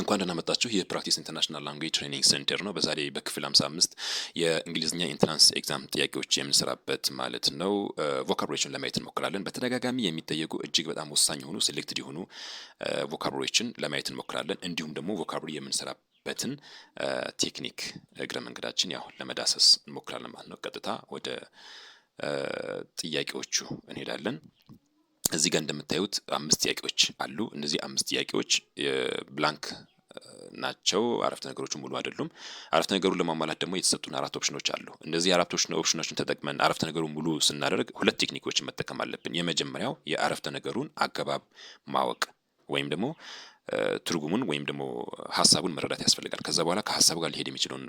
እንኳን ደህና መጣችሁ። ይህ ፕራክቲስ ኢንተርናሽናል ላንጉጅ ትሬኒንግ ሴንተር ነው። በዛሬ በክፍል 55 የእንግሊዝኛ ኢንትራንስ ኤግዛም ጥያቄዎች የምንሰራበት ማለት ነው። ቮካብሎችን ለማየት እንሞክራለን። በተደጋጋሚ የሚጠየቁ እጅግ በጣም ወሳኝ የሆኑ ሴሌክትድ የሆኑ ቮካብሎችን ለማየት እንሞክራለን። እንዲሁም ደግሞ ቮካብሎ የምንሰራበትን ቴክኒክ እግረ መንገዳችን ያው ለመዳሰስ እንሞክራለን ማለት ነው። ቀጥታ ወደ ጥያቄዎቹ እንሄዳለን። እዚህ ጋር እንደምታዩት አምስት ጥያቄዎች አሉ። እነዚህ አምስት ጥያቄዎች ብላንክ ናቸው። አረፍተ ነገሮቹ ሙሉ አይደሉም። አረፍተ ነገሩን ለማሟላት ደግሞ የተሰጡን አራት ኦፕሽኖች አሉ። እነዚህ አራት ኦፕሽኖችን ተጠቅመን አረፍተ ነገሩን ሙሉ ስናደርግ ሁለት ቴክኒኮችን መጠቀም አለብን። የመጀመሪያው የአረፍተ ነገሩን አገባብ ማወቅ ወይም ደግሞ ትርጉሙን ወይም ደግሞ ሀሳቡን መረዳት ያስፈልጋል። ከዛ በኋላ ከሀሳቡ ጋር ሊሄድ የሚችለውን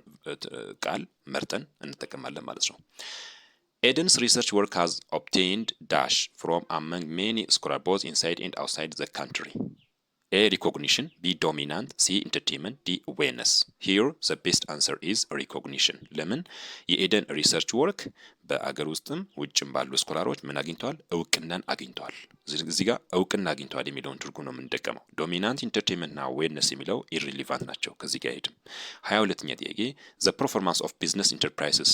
ቃል መርጠን እንጠቀማለን ማለት ነው። Eden's research work has obtained dash from among many scholars inside and outside the country. A. Recognition. B. Dominant. C. Entertainment. D. Awareness. Here the best answer is recognition. ለምን Eden research work, በአገር ውስጥም ውጭም ባሉ ስኮላሮች ምን አግኝተዋል? እውቅናን አግኝተዋል። እዚህ ጋር እውቅና አግኝተዋል የሚለውን ትርጉም ነው የምንጠቀመው። ዶሚናንት፣ ኢንተርቴንመንትና አዌርነስ የሚለው ኢሪሊቫንት ናቸው። ከዚህ ጋር ሄድም። ሀያ ሁለተኛ ጥያቄ ዘ ፐርፎርማንስ ኦፍ ቢዝነስ ኢንተርፕራይዝስ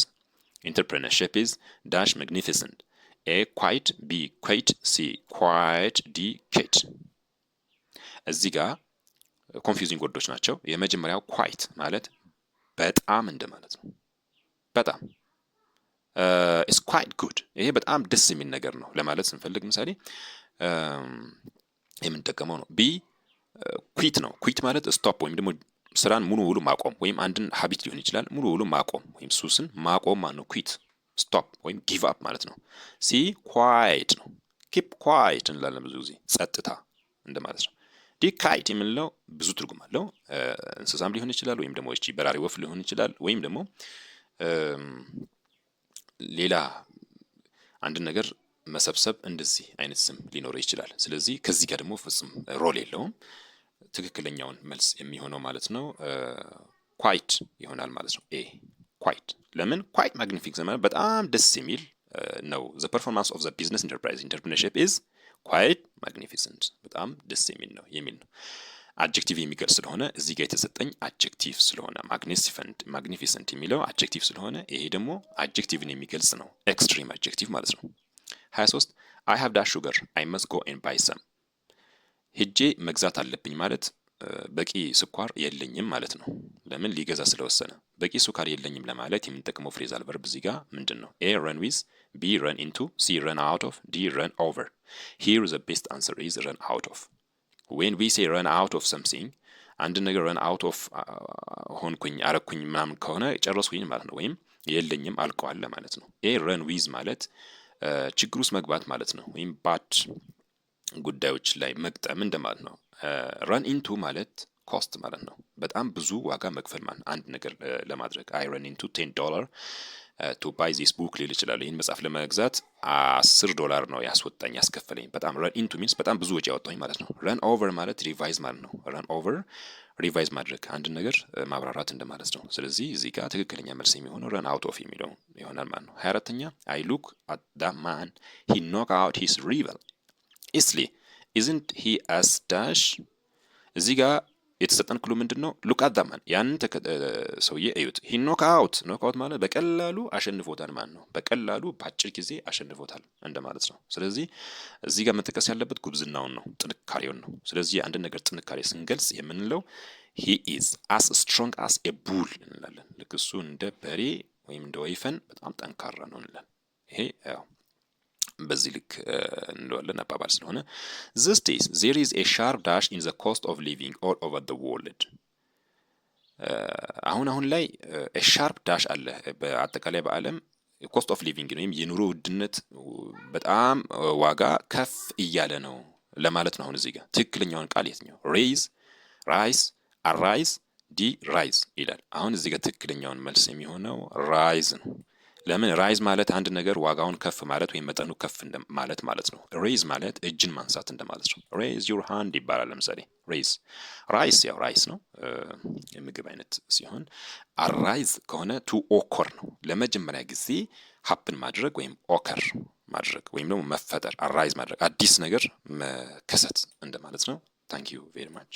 Entrepreneurship is dash magnificent. A. ኳይት ቢ. ኳይት ሲ. ኳይት ዲ. ኬት እዚህ ጋር ኮንፊውዚንግ uh, ወርዶች ናቸው። የመጀመሪያው ኳይት ማለት በጣም እንደማለት ነው። በጣም ኢስ ኳይት ጉድ፣ ይሄ በጣም ደስ የሚል ነገር ነው ለማለት ስንፈልግ ምሳሌ um, የምንጠቀመው ነው። ቢ ኩዊት uh, ነው። ኩዊት ማለት ስቶፕ ወይም ደግሞ ስራን ሙሉ ሙሉ ማቆም ወይም አንድን ሀቢት ሊሆን ይችላል ሙሉ ሙሉ ማቆም ወይም ሱስን ማቆም ማለት ነው። ኩዊት ስቶፕ ወይም ጊቭ አፕ ማለት ነው። ሲ ኳይት ነው። ኪፕ ኳይት እንላለን ብዙ ጊዜ ጸጥታ እንደማለት ነው። ዲ ካይት የምንለው ብዙ ትርጉም አለው። እንስሳም ሊሆን ይችላል ወይም ደግሞ እቺ በራሪ ወፍ ሊሆን ይችላል ወይም ደግሞ ሌላ አንድን ነገር መሰብሰብ እንደዚህ አይነት ስም ሊኖረው ይችላል። ስለዚህ ከዚህ ጋር ደግሞ ፍጹም ሮል የለውም። ትክክለኛውን መልስ የሚሆነው ማለት ነው ኳይት ይሆናል ማለት ነው። ኤ ኳይት። ለምን ኳይት ማግኒፊክ ዘመን በጣም ደስ የሚል ነው። ዘ ፐርፎርማንስ ኦፍ ዘ ቢዝነስ ኢንተርፕራይዝ ኢንተርፕርነርሺፕ ኢዝ ኳይት ማግኒፊሰንት፣ በጣም ደስ የሚል ነው የሚል ነው። አጀክቲቭ የሚገልጽ ስለሆነ እዚህ ጋር የተሰጠኝ አጀክቲቭ ስለሆነ ማግኒፊሰንት ማግኒፊሰንት የሚለው አጀክቲቭ ስለሆነ ይሄ ደግሞ አጀክቲቭን የሚገልጽ ነው። ኤክስትሪም አጀክቲቭ ማለት ነው። 23 አይ ሃቭ ዳ ሹገር አይ መስት ጎ ኤንድ ባይ ሰም ሄጄ መግዛት አለብኝ ማለት በቂ ስኳር የለኝም ማለት ነው። ለምን ሊገዛ ስለወሰነ። በቂ ስኳር የለኝም ለማለት የምንጠቅመው ፍሬዛል ቨርብ እዚህ ጋር ምንድን ነው? ኤ ረን ዊዝ፣ ቢ ረን ኢንቱ፣ ሲ ረን አውት ኦፍ፣ ዲ ረን ኦቨር። ሂር ዘ ቤስት አንሰር ኢዝ ረን አውት ኦፍ። ዌን ዊ ሴ ረን አውት ኦፍ ሰምሲንግ አንድ ነገር ረን አውት ኦፍ ሆንኩኝ፣ አረኩኝ ምናምን ከሆነ ጨረስኩኝ ማለት ነው። ወይም የለኝም አልቀዋል ማለት ነው። ኤ ረን ዊዝ ማለት ችግር ውስጥ መግባት ማለት ነው። ወይም ባድ ጉዳዮች ላይ መግጠም እንደማለት ነው። ራን ኢንቱ ማለት ኮስት ማለት ነው። በጣም ብዙ ዋጋ መክፈል ማለት አንድ ነገር ለማድረግ አይ ራን ኢንቱ ቴን ዶላር ቱ ባይ ዚስ ቡክ ሊል ይችላል። ይህን መጽሐፍ ለመግዛት አስር ዶላር ነው ያስወጣኝ ያስከፈለኝ። በጣም ረን ኢንቱ ሚንስ በጣም ብዙ ወጪ ያወጣኝ ማለት ነው። ረን ኦቨር ማለት ሪቫይዝ ማለት ነው። ረን ኦቨር ሪቫይዝ ማድረግ አንድ ነገር ማብራራት እንደማለት ነው። ስለዚህ እዚህ ጋር ትክክለኛ መልስ የሚሆነው ረን አውት ኦፍ የሚለው ይሆናል ማለት ነው። ሀያ አራተኛ አይ ሉክ አት ዳ ማን ሂ ኖክ አውት ሂስ ሪቨል ኢስሊ ኢዝንት ሂ አስ ዳሽ እዚህ ጋር የተሰጠን ክሉ ምንድን ነው? ሉቃት ዛማን ያንን ሰውዬ እዩት። ሂ ኖክ አውት ኖክ አውት ማለት በቀላሉ አሸንፎታል ማለት ነው። በቀላሉ በአጭር ጊዜ አሸንፎታል እንደማለት ነው። ስለዚህ እዚህ ጋር መጠቀስ ያለበት ጉብዝናውን ነው፣ ጥንካሬውን ነው። ስለዚህ የአንድ ነገር ጥንካሬ ስንገልጽ የምንለው ሂ ኢዝ አስ ስትሮንግ አስ ኤ ቡል እንላለን። ልክ እሱ እንደ በሬ ወይም እንደ ወይፈን በጣም ጠንካራ ነው እንላለን። ይሄ ያው በዚህ ልክ እንለዋለን አባባል ስለሆነ ዚስ ዴይስ ዜር ኢዝ ኤ ሻርፕ ዳሽ ኢን ዘ ኮስት ኦፍ ሊቪንግ ኦል ኦቨር ዘ ወርልድ አሁን አሁን ላይ ሻርፕ ዳሽ አለ። በአጠቃላይ በዓለም ኮስት ኦፍ ሊቪንግ ወይም የኑሮ ውድነት በጣም ዋጋ ከፍ እያለ ነው ለማለት ነው። አሁን እዚህ ጋር ትክክለኛውን ቃል የትኛው? ሬይዝ ራይስ አራይዝ ዲ ራይዝ ይላል። አሁን እዚህ ጋር ትክክለኛውን መልስ የሚሆነው ራይዝ ነው። ለምን ራይዝ ማለት አንድ ነገር ዋጋውን ከፍ ማለት ወይም መጠኑ ከፍ ማለት ማለት ነው። ሬይዝ ማለት እጅን ማንሳት እንደማለት ነው። ሬይዝ ዩር ሃንድ ይባላል። ለምሳሌ ሬይዝ ራይስ፣ ያው ራይስ ነው የምግብ አይነት ሲሆን አራይዝ ከሆነ ቱ ኦኮር ነው። ለመጀመሪያ ጊዜ ሀፕን ማድረግ ወይም ኦከር ማድረግ ወይም ደግሞ መፈጠር አራይዝ ማድረግ አዲስ ነገር መከሰት እንደማለት ነው። ታንክ ዩ ቬሪ ማች